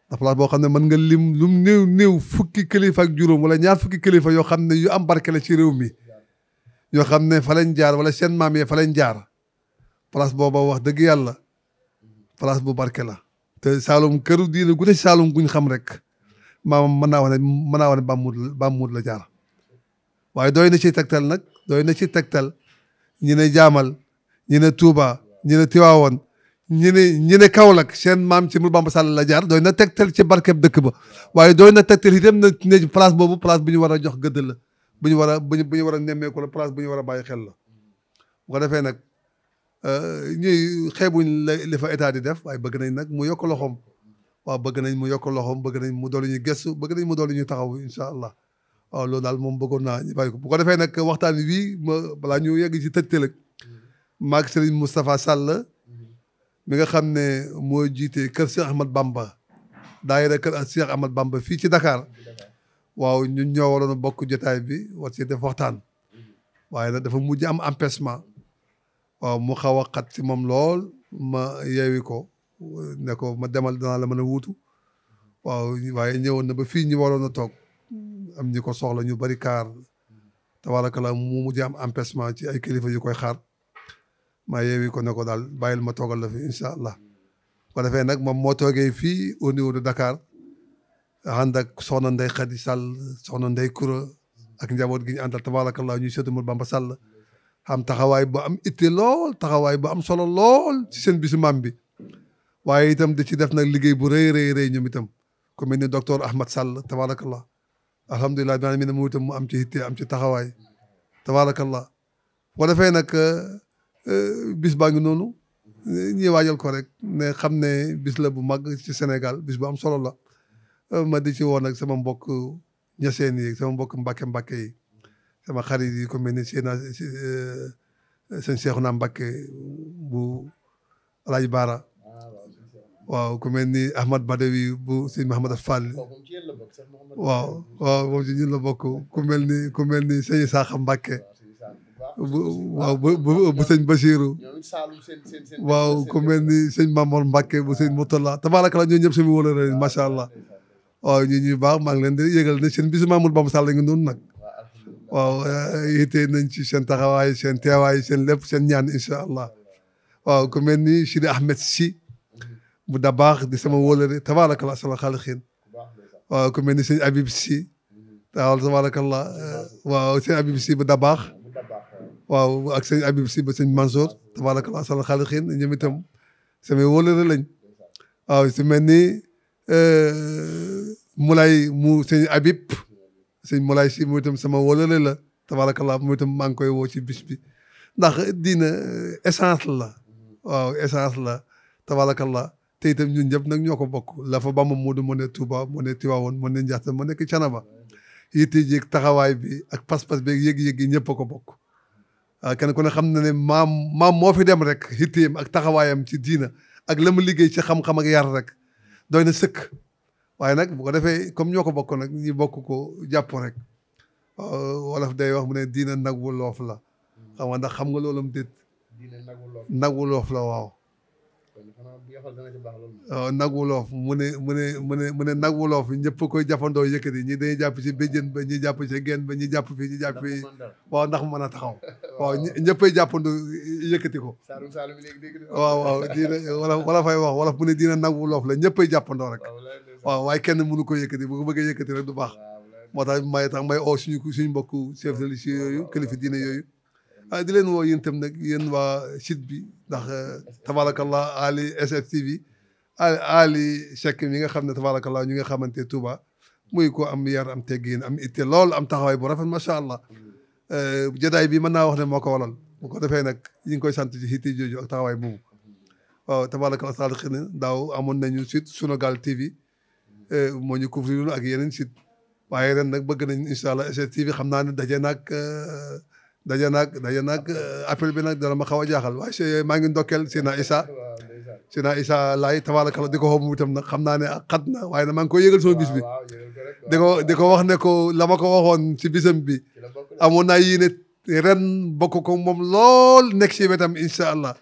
ndax place boo xam ne mën nga lim lum néew néew fukki kilifa juróom wala ñaar fukki kilifa yoo xam ne yu am barke la ci réew mi yoo xam ne fa lañ jaar wala seen maam yi fa lañ jaar place wax dëgg yàlla place bu barke la te Saalum këru diine gu ne Saalum xam rek maamam mën naa wax mën naa wax ne bàmmut bàmmut la na ci tegtal nag doy na ci tegtal ñu ne jaamal ñi ne Touba ñi ne Tiwaawoon ñi ne ñi ne Kaolack seen maam ci mul Bamba Sall la jaar dooy na tegtal ci barkeb dëkk ba waaye doy na tegtal itam na ne place boobu place bu ñu war a jox gëdd la bu ñu war a bu ñu war a nemmeeku la place bu ñu war a bàyyi xel la bu ko defee nag euh, ñuy xeebuñ la li fa état di def waaye bëgg nañ nag mu yokk loxoom waaw bëgg nañ mu yokk loxoom bëgg nañ mu dolli ñu gëstu bëgg nañ mu dolli ñu taxaw incha allah waaw loolu daal moom bëggoon naa ñu bàyyi ko bu ko defee nag waxtaan wi ma balaa ñu yegg ci tëj maag Serigne Moustapha Sall mi nga xam ne moo jiite kër Cheikh Ahmad Bamba daayira kër Cheikh Ahmad Bamba fii ci dakaar waaw ñun ñoo waroon bokk jotaay bi war ci def waxtaan waaye nag dafa mujj am empêchement waaw mu xaw a xat ci moom lool ma yeewi ko ne ko ma demal danaa la mën a wuutu waaw waaye ñëwoon na ba fii ñu waroon a toog am ñi ko soxla ñu bari kaar tabaaraka la mu mujj am empêchement ci ay kilifa yu koy xaar ma yeewi ko ne ko daal bàyyil ma toogal la fi incha allah ko defee nag moom moo toogee fii au niveau de Dakar ànd ak soxna Ndeye Khady Sall soxna Ndeye Koura ak njaboot gi ñu àndal tabarakallah ñuy seetu Mour Bamba Sall am taxawaay bu am itte taxawaay bu am solo lool ci seen bi waaye itam di ci def nag liggéey bu rëy rëy rëy ñoom itam ku mel ni docteur Sall tabarakallah alhamdulilah bi maanaam mi ne am ci itte am ci taxawaay Euh, bis baa ngi noonu ñuy waajal ko rek ne xam ne bis la bu mag ci Sénégal bis bu am solo la euh, ma di ci woon ak sama mbokk ñaseen yi sama mbokk mbàkke mbàkke yi sama xarit yi ko mel ni seen euh, seen Seexuna Mbàkke bu Alaaji Baara waaw ku mel ni Ahmad Badawi bu sëñ Mahamad Fall waaw waaw moom ci ñun la bokk ku mel ni ku mel ni sëñ Isaaxa Mbàkke waaw bu bu bu sëñ Bachirou waaw ku mel ni sëñ bu sëñ Moutalla tabaaraka la ñoo ñëpp suñu wóoloo ren macha allah waaw ñu ñuy leen di yëgal seen bisu Mamour Bamba Sall ngi noonu nag waaw yitte nañ ci seen taxawaay seen teewaay seen lépp seen ñaan incha allah waaw ku mel ni bu da baax di sama wóolare tabaarakallah sama xaalixiin waaw ku mel ni sëñ Habib Sy waaw da baax waaw ak sëñ Habib si ba sëñ Mansour tabaarakallaa sal xaalixiin ñoom itam samay wóolëre lañ waaw si mel ni euh, Moulay mu sëñ Habib sëñ Moulay si mu itam sama wóolëre la tabaarakallaa mu itam maa ngi koy woo ci bis bi ndax diina euh, essence la waaw essence la tabaarakallaa te tam ñun ñëpp nag ñoo ko bokk la fa Bamba Moodu moo ne Touba moo ne Tiwaawoon moo ne Njaxte moo nekk Canaba yitte ji ak taxawaay bi ak pas-pas bi ak yëg-yëg yi ñëpp a ko bokk Ah, kenn ku ne xam na ne maam maam moo fi dem rek hitteem ak taxawaayam ci diina ak la ma liggéey ci xam-xam ak yar rek doy na sëkk waaye nag bu ko defee comme ñoo ko bokk nag ñu bokk ko jàpp rek ah, wolof day wax mu ne diina nag wu loof la xam nga ndax xam nga loolu am déet nag wu loof la waaw waaw oh, nag wolof mu ne mu ne mu ne mu ne nag wolof ñëpp koy jafandoo yëkkati ñi dañuy jàpp ci béjjën ba ñi jàpp ci genn ba ñi jàpp fii ñi jàpp fii waaw ndax man a taxaw waaw ñëppay jàppandoo yëkkati ko waaw waaw diina wala wala fay wax wala mu ne diina nag wolof la ñëppay jàppandoo rek waaw waaye kenn mënu ko yëkkati bu ko bëggee rek du baax moo tax may tax may oo suñu suñu mbokku chef de lycée yooyu kilifa diine yooyu ah di leen woo yéen itam nag yéen waa site bi ndax euh, tabarakallah Ali SSTV Ali Ali Seck mi nga xam ne tabarakallah ñu nga xamante Touba muy ko am yar am teggin am itte lool am taxawaay bu rafet macha allah. Euh, jadaay bi mën naa wax ne moo ko waral bu ko defee nag ñu ngi koy sant ci itte jooju ak taxawaay boobu waaw tabarakallah saal xëy na daaw amoon nañu site Sunugal TV euh, moo ñu couvrir ak yeneen site waaye ren nag bëgg nañ incha allah SSTV xam naa ne daje nag. daje naag daje naag eh, appel bi nag dana ma xaw a jaaxal waaye si eh, maa ngi ndokkeel Sina Issa Sina Issa laay tabaarakala di ko xoobu itam nag xam naa ne xat na waaye na maa ngi koy yëgal sama bis bi di ko di ko wax ne ko la ma ko waxoon si bisam bi amoon naa yéene ren bokk ko moom lool nekk si wetam incha allah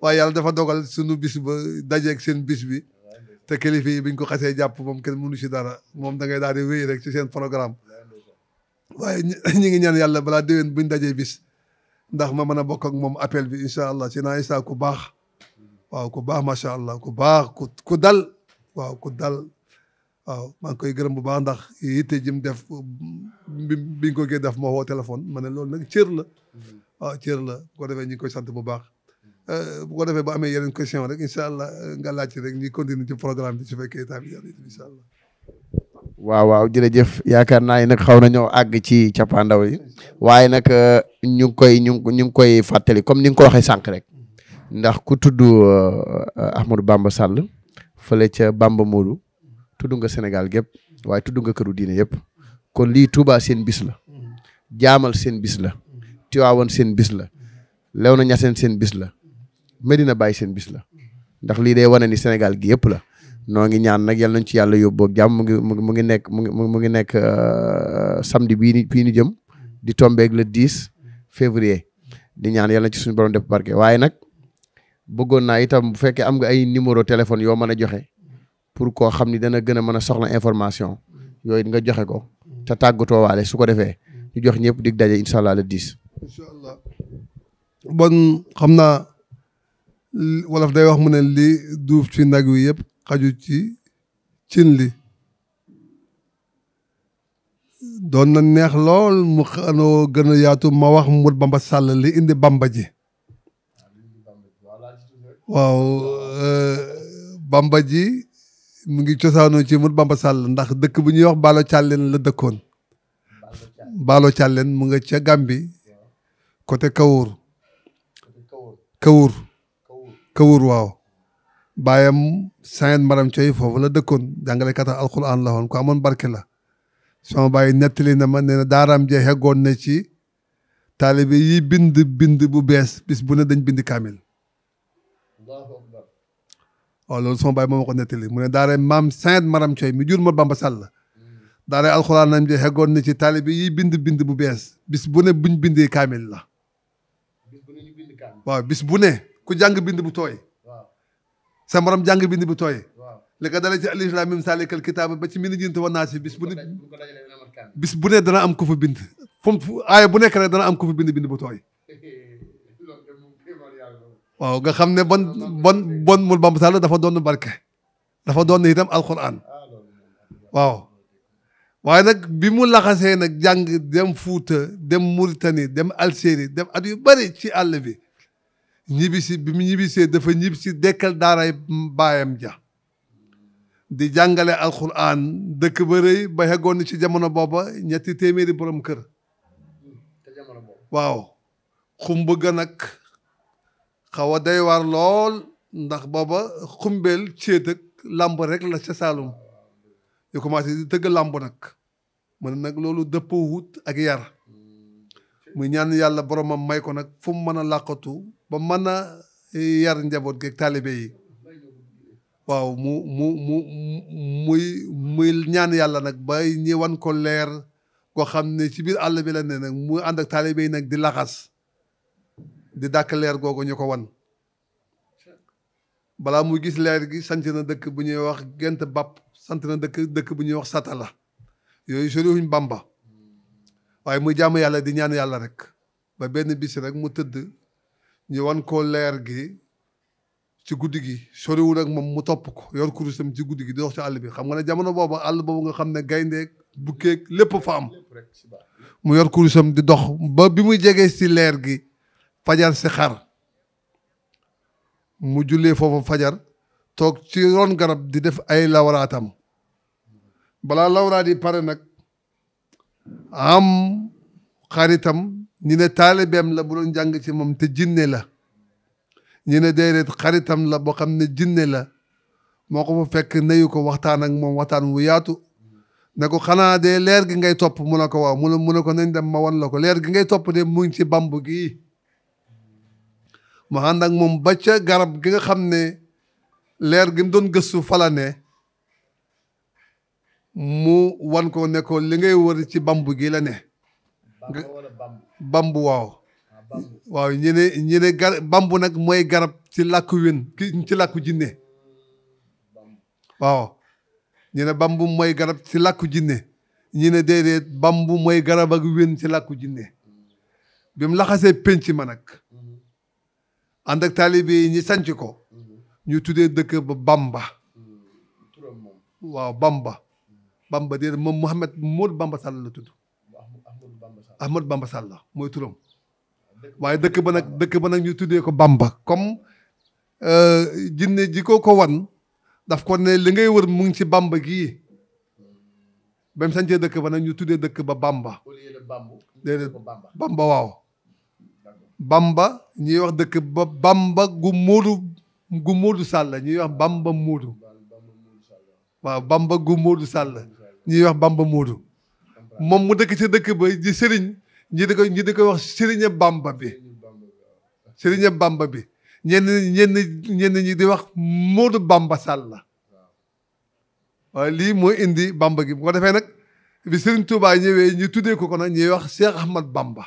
waaye yàlla dafa dogal sunu bis ba dajeeg seen bis bi te kilifa yi biñ ko xasee jàpp moom kenn mënu si dara moom da ngay daal di wéy rek ci seen programme waaye ñi *laughs* ngi ñaan yàlla balaa déwén buñ dajee bis ndax ma mën a bokk ak moom appel bi incha allah si naa isa ku baax waaw ku baax macha allah ku baax ku ku dal waaw ku dal waaw maa ngi koy gërëm bu baax ndax yitte jim def bi ko gee def moo woo téléphone ma ne loolu nag cër la waaw cër la bu ko defee ñu koy sant bu baax euh, bu ko defee ba amee yeneen question rek incha allah nga laajte rek ñi continuer ci programme bi su fekkee état bi yàlla waaw waaw jërëjëf yaakaar naa ni nag xaw nañoo àgg ci cappaandaw yi waaye nag euh, ñu ngi koy ñu ngi koy fàttali comme ni nga ko waxee sànq rek ndax ku tudd euh, euh, Ahmadou Bamba Sall fële ca Bamba Modou tudd nga Sénégal gépp waaye tudd nga këru diine yëpp kon lii Touba seen bis la jaamal seen bis la Tiwaawan seen bis la Léona Niassène seen bis la Medina bàyyi seen bis la ndax lii day wane ni Sénégal gi yëpp la noo ngi ñaan nag yal nañ ci yàlla yóbboo jàmm mu ngi mu ngi nekk mu ngi mu ngi nekk euh, samedi bii ni bii ni jëm di tombeeg le 10 février di ñaan yal na ci suñu borom def barke waaye nag bëggoon naa itam bu fekkee am nga ay numéro téléphone yoo mën a joxe pour koo xam ni dana gën a mën a soxla information yooyu nga joxe ko te tàggatoo waale su ko defee ñu jox ñëpp dig daje incha allah le 10. incha allah bon xam naa wolof day wax mu ne li duuf ci nag wi yëpp. xaju ci cin li doon na neex lool mu xanoo gën a yaatu ma wax mut bamba sàll li indi bamba ji waaw euh, bamba ji mu ngi cosaanoo ci mut bamba sàll ndax dëkk bu ñuy wax baalo càlleen la dëkkoon baalo càlleen mu nga ca Gàmbi côté kawur kawur kawur waaw baayam Saint Maram Coy foofu la dëkkoon jàngalekat alquran la woon ku amoon barke la sama baay nettali na ma ci taalibe yi bind bu bees bu ne dañ bind kaamil waaw oh, loolu sama baay moom mu ne daara maam Saint Maram Coy mi jur ma Bamba hmm. ci taalibe yi bind bind bu bees bis bu ne buñ bindee kaamil la waaw bis bu ne ku jàng bind bu tooy sa morom jàng bind bu tooy li ko dalee ci alif laam miim zaalikal kitaab ba ci min jinti wa naas bis bu ne bis bu ne dana am ku fa bind fu mu aaya bu nekk rek dana am ku fa bind bind bu tooy *laughs* waaw nga xam ne bon bon bon mul bamb sall dafa doon barke dafa doon itam alquran ah, waaw waaye nag bi mu laxasee nag jàng dem Fuuta dem Mauritanie dem Algérie dem at yu bari ci àll bi ñibbisi bi mu ñibbisee dafa ñibbisi dekkal daaray baayam ja di jàngale alquran dëkk ba rëy ba xeggoon ci jamono booba ñetti téeméeri boroom kër waaw xumba ga nag xaw a day war lool ndax booba xumbeel céet ak làmb rek la ca yu commencé di tëgg làmb nag mën nag loolu dëpp wut ak yar muy ñaan yàlla am may ko nag fu mu mën a làqatu ba mën a eh, yar njaboot geeg taalibe yi waaw mu mu mu muy muy ñaan yàlla nag ba ñi wan ko leer koo xam ne ci biir àll bi la ne nag muy ànd ak taalibe yi nag di laxas di dàkk leer googu ñu ko wan balaa muy gis leer gi sant na dëkk bu ñuy wax gent bàpp sant na dëkk dëkk bu ñuy wax satala yooyu soriwuñ Bamba waaye muy jaamu yàlla di ñaan yàlla rek ba benn bis rek mu tëdd ñu wan ko leer gi ci guddi gi soriwul ak moom mu topp ko yor kurusam ci guddi gi di dox ci àll bi xam nga ne jamono boobu àll boobu nga xam ne gayndeeg bukkeeg lépp fa am mu yor kurusam di dox ba bi muy jegee si leer gi fajar si xar mu jullee foofu fajar toog ci ron garab di def ay lawraatam balaa lawraat yi pare nag am xaritam ñi ne taalibeem la bu doon jàng ci moom te jinne la ñi ne déedéet xaritam la boo xam ne jinne la moo ko fa fekk nayu ko waxtaan ak moom waxtaan wu yaatu ne ko xanaa de leer gi ngay topp mu ne ko waaw mu ne mu ne ko nañ dem ma wan la ko leer gi ngay topp de mu ngi ci bamb gii mu ànd moom ba ca garab gi nga xam ne leer gi doon gëstu fala ne mu wan ko nekkoon li ngay wër ci bambu gi la ne. bambu waaw. Ah, waaw ñu ne ñu ne gar bambu nag mooy garab ci làkku wén ci làkku jinne waaw ñu ne bambu mooy garab ci làkku jinne ñu ne déedéet bambu mooy garab ak wén ci làkku jinne mm-hmm. bi mu laxasee pénc ma nag mm-hmm. ànd ak taalibe yi ñi sanc ko mm-hmm. ñu tuddee dëkk ba bamba waaw bamba Bamba déedéet moom Mouhamed Modou Bamba Sall la tudd. Ahmad Bamba Sall la mooy turam. waaye dëkk ba nag dëkk ba nag ñu tuddee ko Bamba comme euh, jinne ji ko ko wan daf ko ne li ngay wër mu ngi ci Bamba gii ba mu sancee dëkk ba nag ñu tuddee dëkk ba Bamba déedéet Bamba waaw Bamba ñuy wax dëkk ba Bamba gu Moodu gu Moodu Sall ñuy wax Bamba Moodu waaw Bamba gu Moodu Sall ñuy wax Bamba Moodu moom mu dëkk ci dëkk ba ji sëriñ ñi di ko di ko wax sëriñe Bamba bi sëriñe Bamba bi ñenn ñenn ñi di wax Moodu Bamba Sall la lii moo indi Bamba gi bu ko defee nag bi sëriñ Touba ñëwee ñu tuddee ko ko nag ñuy wax Cheikh Ahmad Bamba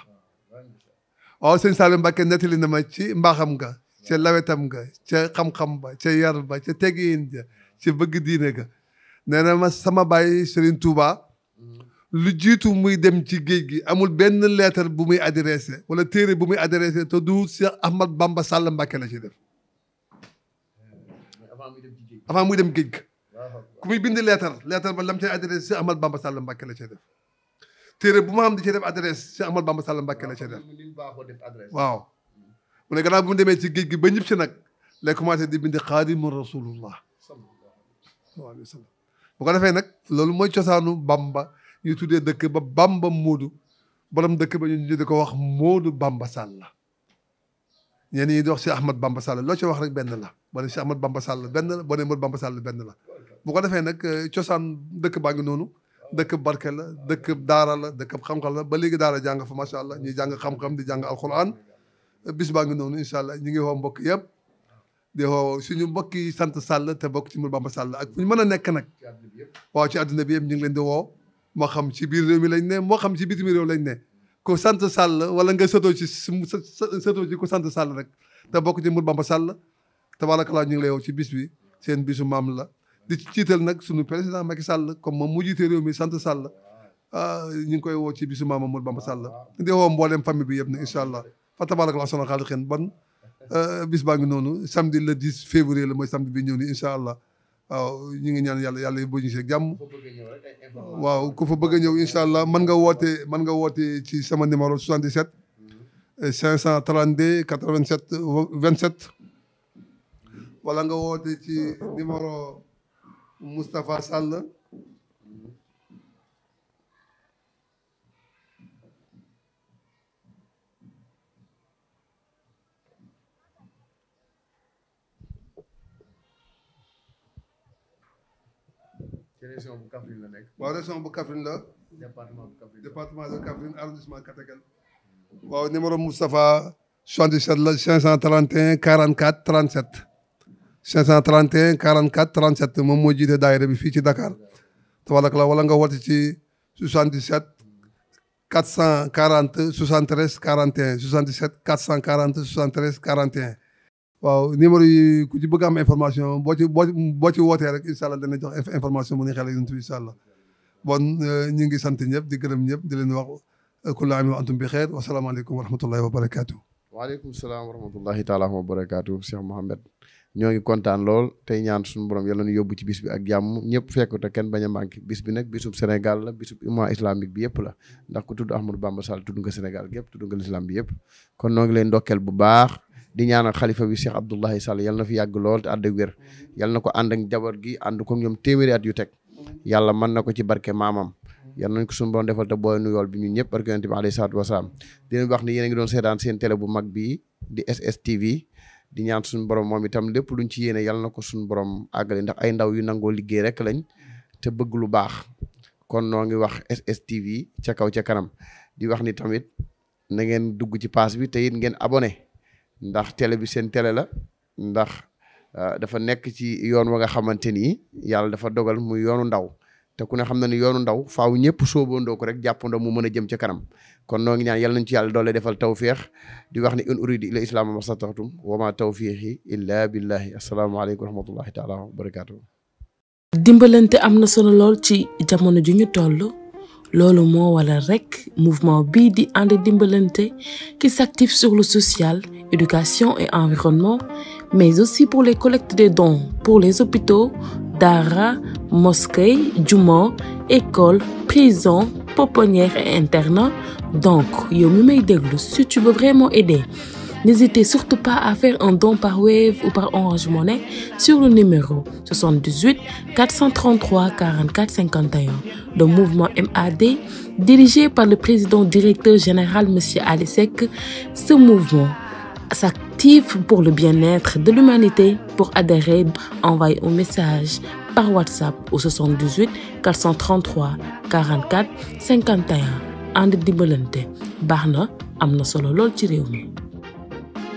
waaw sëñ Saliou Mbacke nettali na ma ci mbaaxam ga ca lawetam nga ca xam-xam ba ca yar ba ca ja ca bëgg diine ga nee ma sama baay Serigne Touba lu jiitu muy dem ci géej gi amul benn lettre bu muy adressé wala téere bu muy adressé te du Cheikh Ahmad Bamba Sall Mbacké la ci def avant muy dem géej gi ku muy bind lettre ba lam ci adressé Cheikh Ahmad Bamba Sall Mbacké la ci def téere bu ma xam di ci def adresse Cheikh Ahmad Bamba Sall Mbacké la ci def waaw mu ne gannaaw bu mu demee ci géej gi ba ñëpp ci nag lay commencé di bind xaadimu rasulullah sallallahu bu ko defee nag loolu mooy cosaanu Bamba ñu tuddee dëkk ba Bamba Moodu borom dëkk ba ñu di ko wax Moodu Bamba Sàlla ñeen ñi dox wax si Ahmad Bamba Sàlla loo ci wax rek benn la boo ne si Bamba Sàlla benn la boo ne Moodu Bamba Sàlla benn la bu ko defee nag eh, cosaan dëkk baa ngi noonu dëkk barke la dëkk daara la dëkk xam-xam la ba léegi daara jàng fa macha allah ñuy jàng xam-xam di jàng alquran bis baa ngi noonu incha allah ñu ngi woo mbokk yëpp di woo suñu mbokk yi sant Sall te bokk ci Mouride Bamba Sall ak fu ñu mën a nekk nag. waaw ci àdduna bi yëpp ñu ngi leen di woo. moo xam ci biir réew mi lañ moo xam ci bitim réew lañ ne ku sant Sall wala nga sëtoo ci sëtoo ci ku sant Sall rek te bokk ci Mouride Bamba Sall tabaarakallaa ñu ngi lay woo ci bis bi seen bisu maam la. di ci ciital nag sunu président Macky Sall comme moom mu jiite réew mi sant Sall ah, ñu ngi koy woo ci bisu maam Mouride Bamba Sall di woo mboolem famille bi yëpp nag incha allah fa tabaarakallaa sonal xaalis xen ban. Euh, bis baa ngi noonu samedi la 10 février la mooy samedi bi ñëw ni incha allah waaw ñu ngi ñaan yàlla yàlla yóbbu ñu si jàmm. waaw ku fa bëgg a ñëw incha allah man nga woote man nga woote ci sama numéro 77. 532 87 27. wala nga woote ci numéro Moustapha Sall. région bu Kaffrine la nekk. waaw région bu Kaffrine la. département bu Kaffrine département de Kaffrine arrondissement Katakel. waaw numéro Moustapha. 77 la 531 44 37. 531 44 37 moom moo jiite daayira bi fii ci Dakar. tabaarkalla wala nga woote ci 77. 440 73 41 77 440 73 41. waaw numéro yi ku ci bëgg am information boo ci boo boo ci wootee rek incha allah dana jox information mu ni xel yuntu ñu ngi sant ñëpp di gërëm ñëpp di leen wax euh, kullu aamin wa antum bi xeer wasalaamaaleykum wa rahmatullahi wa barakaatu. waaleykum salaam wa rahmatullahi taala wa barakaatu Cheikh Mohamed ñoo ngi kontaan lool te ñaan suñu borom yàlla ñu yóbbu ci bis bi ak jàmm ñëpp fekk te kenn bañ a bis bi nag bisub Sénégal la bisub umma islamique bi yëpp la ndax ku tudd Ahmadou Bamba Sall tudd nga Sénégal gépp tudd nga l'islam bi yëpp kon noo ngi leen ndokkeel bu baax di ñaanal xalifa bi Cheikh Abdoulaye Sall yal na fi yàgg lool te ànd ak wér yal ko ànd ak njaboot gi ànd ko ñoom téeméeri at yu teg yàlla mën na ko ci barke maamam yal nañ ko suñu borom defal te booy nu yool bi ñun ñëpp barke yonent bi alayhi salaatu wasalaam di leen wax ni yéen a ngi doon seetaan seen télé bu mag bii di SSTV di ñaan suñu borom moom itam lépp luñ ci yéene yal na ko suñu borom àggale ndax ay ndaw yu nangoo liggéey rek lañ te bëgg lu baax kon noo ngi wax SSTV ca kaw ca kanam di wax ni tamit na ngeen dugg ci paas bi te it ngeen abonné ndax télé bi seen la ndax euh, dafa nekk ci yoon wa nga xamante ni yàlla dafa dogal muy yoonu ndaw te ku ne xam na ni yoonu ndaw faaw ñëpp sóobandoo ko rek jàppandoo mu mën a jëm ci kanam kon noo ngi ñaan yàlla nañ ci yàlla doole defal tawfiix di wax ni in uridi ila islaama masataxtum wa ma tawfiixi illa billahi asalaamaaleykum wa rahmatullahi taala wa barakaatu dimbalante am na solo lool ci jamono ju ñu toll loolu moo waral rekk mouvement bii di ànd dimbalante qui s'active sur le social éducation et environnement mais aussi pour les collectes des dons pour les hôpitaux daara mosquée juma école prison pouponnière et internat donc yow mi may déglu si tu vraiment aider N'hésitez surtout pas à faire un don par Wave ou par Orange Money sur le numéro 78 433 44 51 le mouvement MAD dirigé par le président directeur général monsieur Ali Seck. Ce mouvement s'active pour le bien-être de l'humanité. Pour adhérer, envoyez un message par WhatsApp au 78 433 44 51 ànd dimbalante baax na am na solo lool ci réew mi.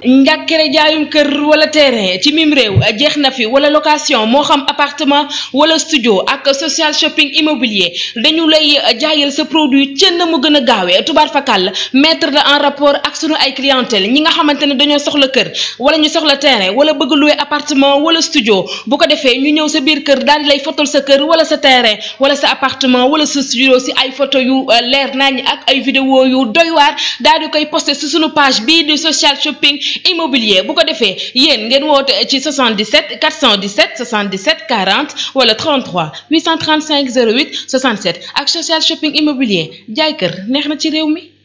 njàkkere jaayum kër wala terrain ci mim réew jeex na fi wala location moo xam apartement wala studio ak social shopping immobilier dañu lay jaayal sa produit na mu gën a gaawee tubaar fakal metre la en rapport ak sunu ay clientèle ñi nga xamante ne dañoo soxla kër wala ñu soxla terrain wala bëgg louer appartement wala studio bu ko defee ñu ñëw sa biir kër daal di lay fotol sa kër wala sa terrain wala sa appartement wala sa studio si ay photo yu euh, leer nañ ak ay vidéo yu doy waar koy posté sunu page bii di social shopping immobilier bu ko defee yéen ngeen woote ci 77 417 77 40 wala 33 835 08 67 ak social shopping immobilier jaay kër neex na ci réew mi.